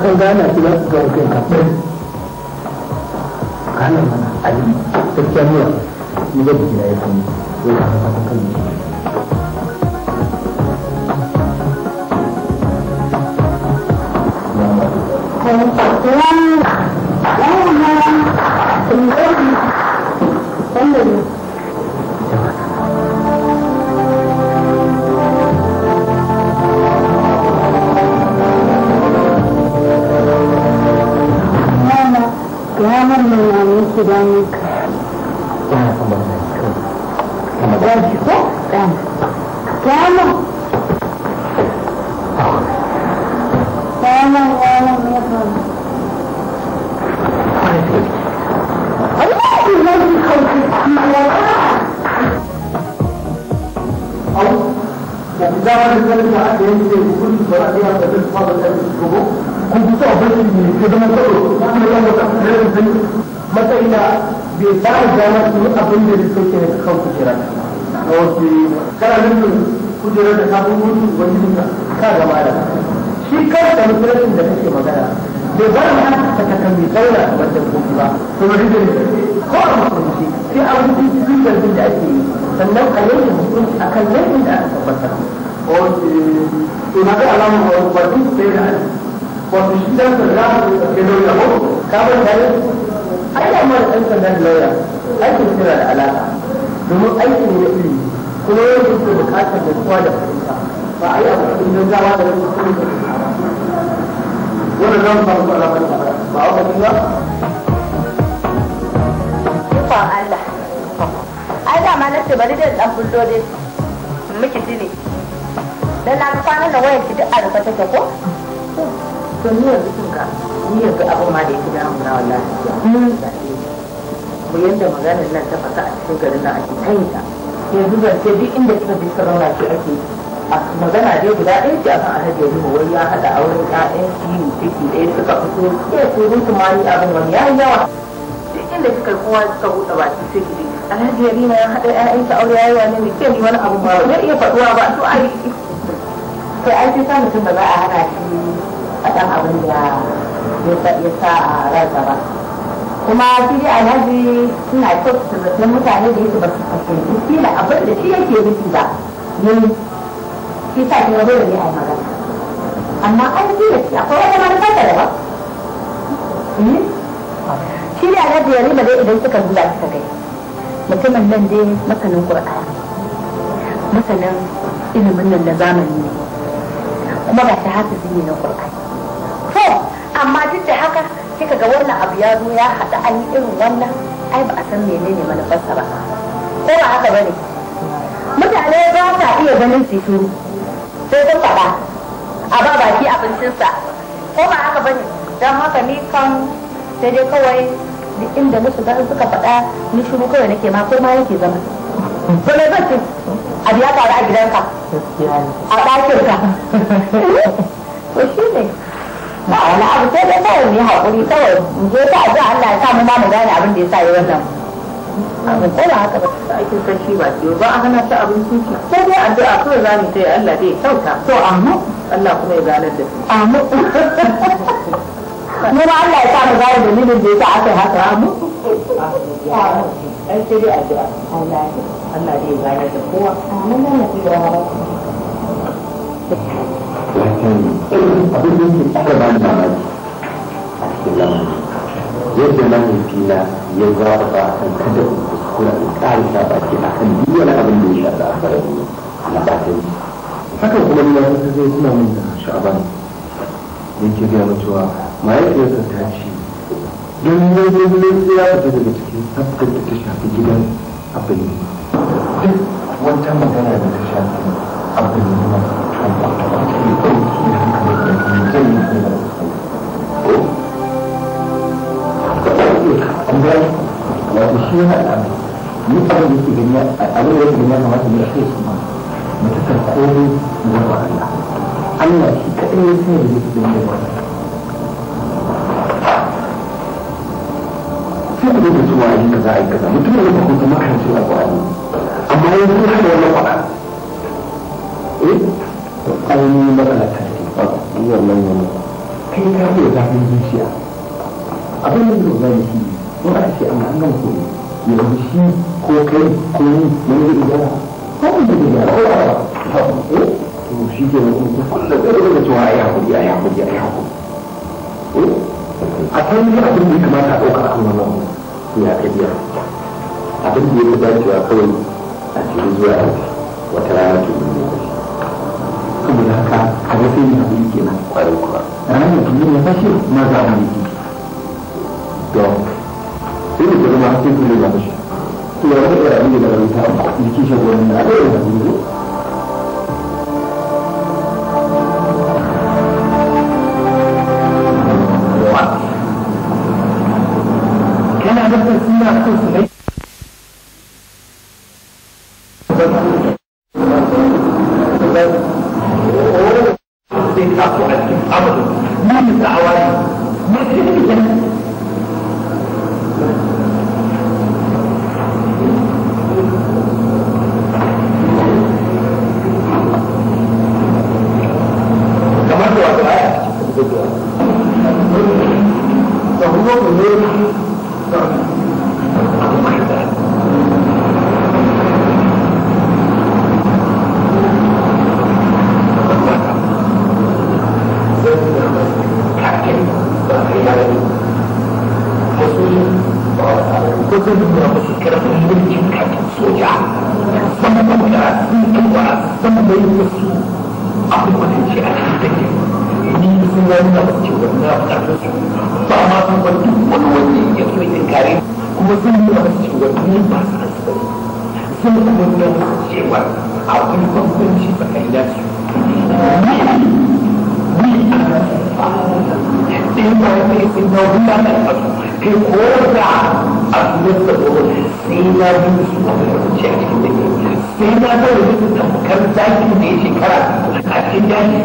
matan gana su za su ga kai ka gana mana ali gaskiya mura ni da gida ya kan ya ka kan Thank you. Accident matsayin da bai ba da damar su abin da suke ke kan kujera a wasu kana nufin kujerar da kafin mutu wani duka ka gama da shi da mutuncin da kake magana da ba da ta kakan bai zauna a wajen gobe ba kuma rigar da ko a mutunci sai a wuce rigar da ake yi sannan a yanke hukunci a kan yankin da aka tabbatar. Wasu, to na ga alamun wani wani sai da wato shi dan sanda da lauya ko ka ta yi ai da ma dan lauya aikin suna da alaka domin aikin ya fi kuma yau da ke bukatar da kowa da fahimta ba a yi abu da inda gawa da rashin kuma da wannan zan ba ba a wani ba Kufan Allah, ai dama na ce bari da ɗan bullo dai miki ne. Dan na kwanan da wayar ki duk a rufe take ko? to ni yanzu kun ka ni yanzu abin ma da yake damu na wallahi mu yanda maganar nan ta fasa a cikin garin nan ake kai ta yanzu ban ce duk inda kika bi sauran wace ake magana dai guda ɗaya ce akan alhaji yanzu wai ya haɗa auren ƴaƴan biyu ciki ɗaya suka fito sai surutun ma ni abin wani ya yi yawa duk inda kika kowa suka buɗe baki sai ki alhaji yarima ya haɗa ƴaƴansa aure ya yi wani mai kyau wani abu ba ya iya faɗuwa ba to ai sai ai sai sa mutum ba za a hana shi akan abin da ya sa a ransa ba kuma shi dai alhaji suna kyautata zaton mutane da yake ba su fahimci kila abin da shi yake nufi ba ne shi sa kuma dole ne a yi magana amma an yi da shi akwai wata manufa ta daban hmm? shi ne alhaji ya riba dai idan suka zuwa suka kai mutumin nan dai masanin qur'ani masanin ilimin nan na zamani ne kuma ba shi hafizi ne na qur'ani Kika ga wannan abu ya zo ya haɗu an yi irin wannan ai ba a san menene manufarsa ba ko ba haka ba ne mutane ba sa iya ganin su shuru sai sun faɗa a ba baki abincinsa ko ba haka ba ne don haka ni kan sai dai kawai duk inda musu shiga suka faɗa ni shuru kawai nake ma ko ma yake zama ko me zan ce abu ya faru a gidanka a ɗakinka ko shi ne ba wani abu sai dai kawai mu yi haƙuri kawai mu je ta addu'a Allah ya samu mu ba mu gane abin da ya sa yi wannan abin ko ba haka ba ta ake sarki ba ce ba a hana ta abin suki sai dai addu'a kawai za mu ta yi Allah dai kyauta to amma Allah kuma ya gane da su amma mu Allah ya samu mu gane dalilin da ya sa aka haka amma ai sai dai addu'a Allah Allah dai ya gane da kowa amma nan ne da abin da ke tsara ba ni mamaki a cikin lamarin yadda mahaifina ya zaba ba a kan kada in kuskura in ƙara sha baki a kan duk wani abin da ya shafa a farar na bakin hakan kuma ni wasu ta zai suna min da sha'aban da yake gaya mu cewa mahaifiyarsa ta ce don yanzu sai ya fita daga cikin sabgar da ta shafi gidan abin duk wata magana da ta shafi abin da wato shi yana da ni abin da yake gani da da yi kaza mutum ne ba ku zama kan cewa ba amma yanzu hada wani faɗa yi mun yi ijara kan yi ijara to shi ke nan ta kulla da daga cewa ai hakuri ai hakuri ai hakuri a san ni abin da ya kamata a ɗauka kan wannan ya ka biya abin da ya fi dacewa kawai a cikin zuwa aiki wata rana ce mun yi saboda haka a ga sai to ya kuka rabu da rabuta kana da tasiri a wannan ba su asibiti sun kuma don cewa akwai bambanci tsakanin su ni a rasu ba ɗin ba ya kai na a kai ko da a su da tsoro sai ya yi su a kwanci a cikin dake sai na zaune musu tamkar zakin da ya shekara a cikin daji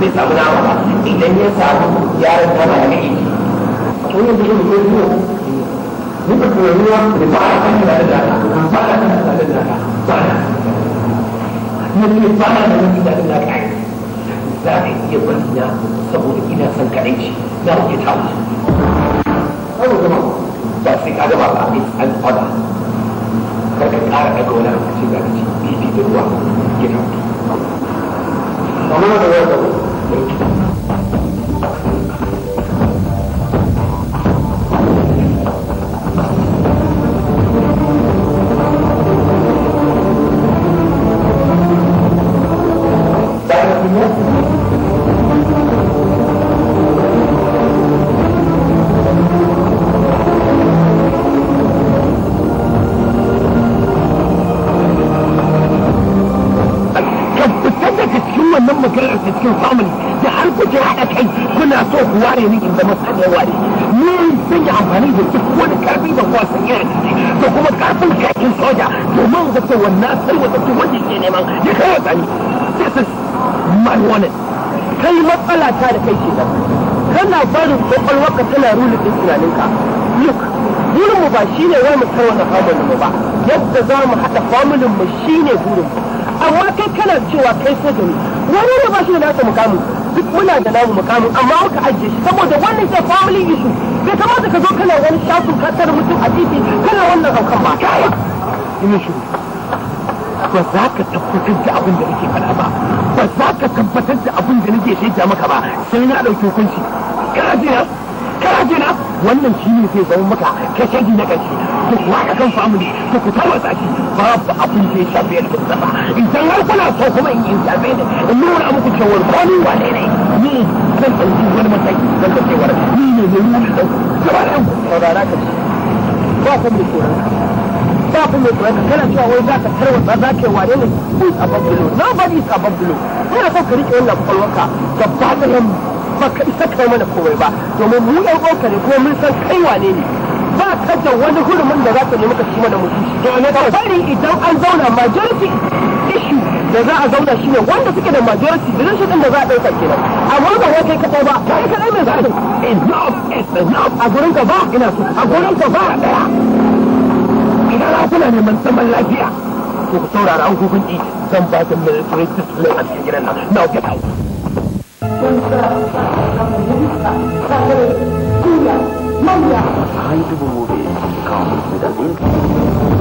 bai samu nama ba idan ya samu yaron dama ya kai shi. Wani da ya duka koyuwa da fara kan da da na fara kan da da da fara na ne fara da ni da da kai za ka iya kwanciya saboda ina son kaɗai shi za ku iya tawo saboda ma ba sai ka gaba ba mai an fada kar ka ƙara daga wani abu ce ga ci bibi da ruwa ya tawo amma da ya wata cikin family da har kuke haɗa kai kuna so ku ware ni in zama sanya ware ni sun yi amfani da duk wani karfi da kuwa da yi da kuma karfin kakin soja domin ce wannan sai wata su wanda ke neman ya kai wata ni this is my warning kai matsala ta da kai ke nan kana barin kwakwalwarka tana rulin ɗin tunaninka look mu ba shine wai mu tarwata family mu ba yadda za mu haɗa family mu shine burinmu amma kai kana cewa kai soja ni wani ne ba shi da nasa mukamin duk muna da namu mukamin amma muka ajiye shi saboda wannan ke family issue bai kamata ka zo kana wani shafin kasar mutum a titi kana wannan haukan ba kaya yi shi ba za ka tabbatar da abin da nake faɗa ba ba za ka tabbatar da abin da nake shaida maka ba sai na ɗauki hukunci kana jina kana jina wannan shi ne zai zama maka kashegi na ƙarshe ko kuwa ka kan ne, ko ku tarwasa shi babu abin da ya shafe da mustafa idan har kuna so kuma in in shafe ne in nuna muku cewar ko ni wane ne ni zan ɗauki wani mataki zan ga wa ni ne mai ne ɗauki gaba ɗan ku saurara ka ci. ba ku mai tsoron ba ku mai tsoron kana cewa wai za ka tarwasa za ka yi wane ne who's above below nobody is ka below yana son ka riƙe wannan kwakwalwarka gaba ɗayan mu ba ka isa kai mana komai ba domin mu ɗan uwanka ne kuma mun san kai wane ne ba ka da wani hurumin da za ka nemi ka ci mana ne ka bari idan an zauna majority issue da za a zauna shi ne wanda suke da majority rashin din da za a ɗauka kenan amma ba wai kai ka ba kai dai mai zaɓi enough enough a gurin ka ba ina so a gurin ka ba ɗaya idan na kuna neman zaman lafiya ko ku saurara an gugun ɗi zan ba da military discipline a cikin gidan nan now get out I do believe it comes with a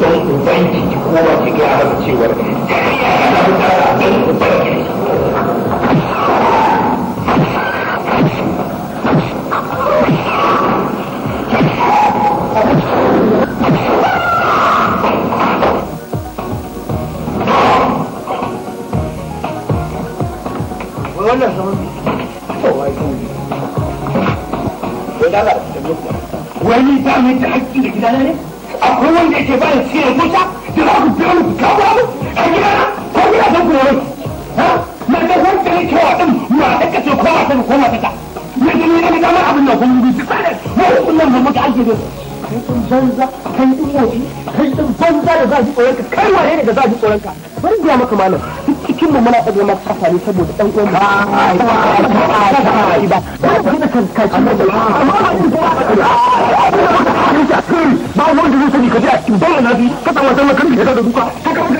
don uban ki ki koma ki gaya don da ta hakki da ne akwai wanda yake ba da cikin mota da za ku biya muku kawo abu a gidana ko gidajen ku na ga wanda yake wa ɗin ma a ɗaka ce koma ta koma ta ta na ga na ga ma. abin nan kun yi duk ɗaya mu kun nan mu ta ake da kai ɗin banza kai ɗin wofi kai banza da za a ji ka kai wane ne da za a ji tsoronka bari biya maka malam duk cikin mu muna ɗaga maka kafa ne saboda ɗan uwan mu ba ba ba ba ba wanda zai sani ka je a cikin dole na biyu ka samu sallar karfi da duka ta kama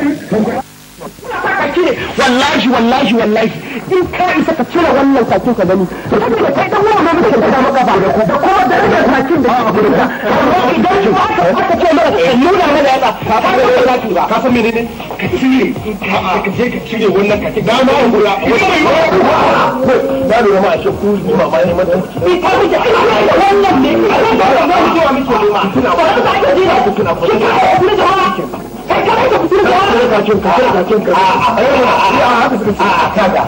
gari wallahi wallahi wallahi in ka isa ka cire wannan sakin ka gani to kai da kai kuma muke da maka ba da ku da kuma darajar bakin da ku da amma idan ku aka aka ce mana ka nuna mana yatsa ka da ba ka san menene ka cire ka je ka cire wannan ka da da ma ku ni ma wannan ne ba da ba ma kina ba ka ji ku kina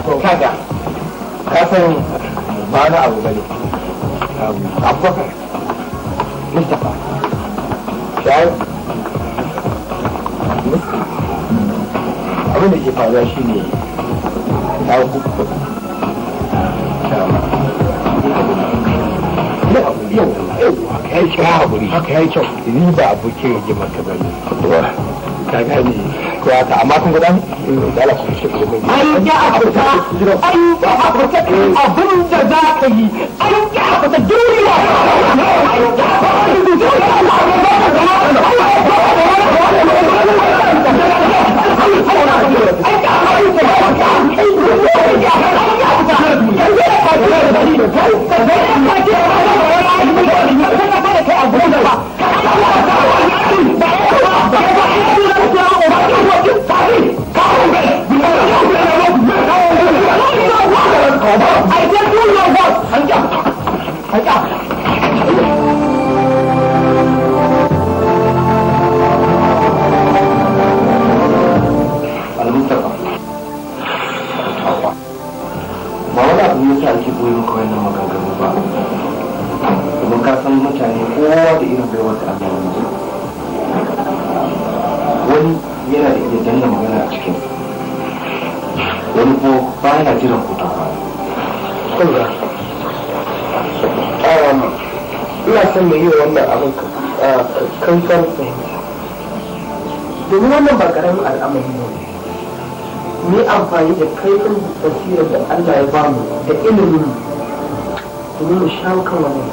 ku kina da ba na abu bane abubakar mustapha shayi abin da ke faruwa shi ne ta kuka yau yau haka ya yi kyau riba abu ke yi maka ka gani ya ta amma kun gudan da Allah ku ce ku mai an ya afurta an ya afurta abin da za ka yi an ya afurta duniya Thank you. kan mai yi wannan abin kansar fahimta domin wannan ba karamin al'amari ne mu amfani da kaifin basirar da Allah ya bamu da ilimin domin mu shawo kan wannan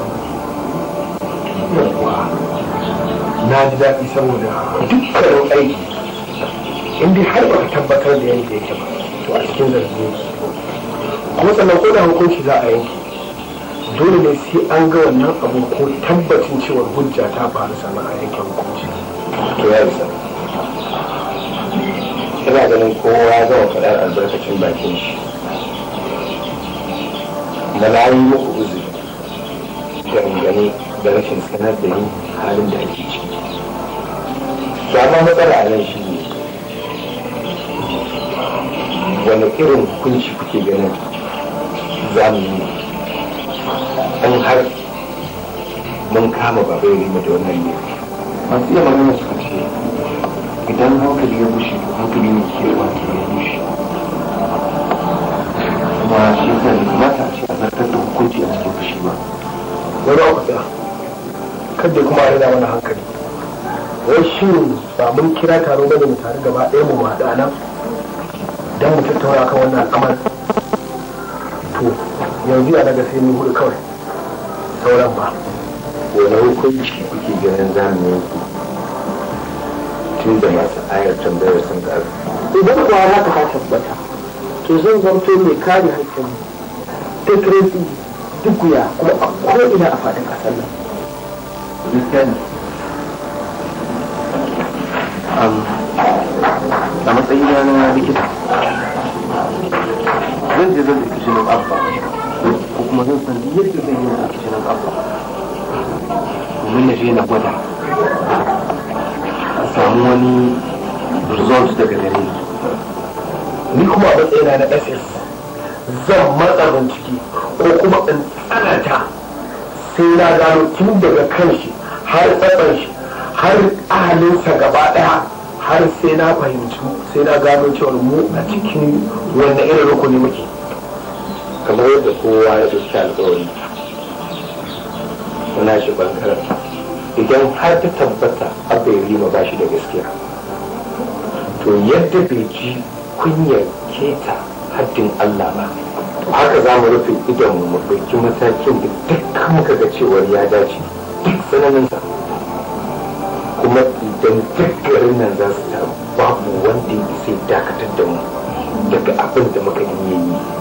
na ji daɗi saboda dukkanin aiki in dai har ba ka tabbatar da yadda yake ba to a cikin zargi kuma sannan ko da hukunci za a yanke. dole ne sai an ga wannan abu ko tabbacin cewar hujja ta faru sana a yankin hukunci to ya isa ina ganin kowa zama faɗar albarkacin bakin shi na yi muku uzuri dangane da rashin sanar da ni halin da ake ciki amma matsala a nan shi ne wani irin hukunci kuke ganin za mu yi in har mun kama ba bai rima da wannan ne masu iya magana suka ce idan hankali ya bushe hankali ne ke ruwa ke ya bushe kuma shi zai mata ce a zartar da hukunci a cikin fushi ba wani abuja kadda kuma a rina wani hankali wai shi ba mun kira taro bane mu tare gaba ɗaya mu haɗu a nan don mu tattauna kan wannan al'amari yanzu ya daga sai ni hudu kawai sauran ba wani hukunci kuke ganin zamanin ku tun da masu ayar tambayar sun karu idan kuwa za haka ta tabbata to zan zanto mai kare haƙƙin Ta duk wuya kuma a ko'ina a faɗin ƙasar nan a matsayin na likita zan je zan da kishin abba kuma zan san yadda zan yi wa cikin kafa domin na je na gwada a samu wani result daga gare ni ni kuma a tsaye na ss zan matsa ciki ko kuma in tsananta sai na gano tun daga kan shi har tsaban shi har ahalinsa gaba daya har sai na fahimci sai na gano cewa mu a cikin wannan irin rukuni muke kamar yadda kowa ya ɗauki alƙawari muna shi ɓangaren idan har ta tabbata abba ya rima ba shi da gaskiya to yadda bai ji kunyar keta haddin Allah ba to haka za mu rufe idan mu ɗauki matakin da dukkan muka ga cewar ya dace duk sa kuma idan duk garin nan za su taru babu wanda ya sai dakatar da mu daga abin da muka yi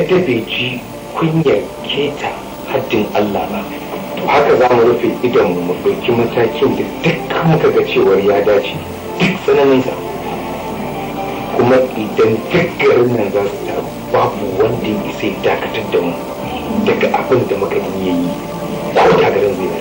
ita bai ji kunyar keta haddin Allah ba to haka za mu rufe idan mu ɗauki matakin da dukkan muka ga cewar ya dace duk sa, kuma idan duk garin nan za su taru babu wanda ya isa dakatar da mu daga abin da muka yi ko da garin zai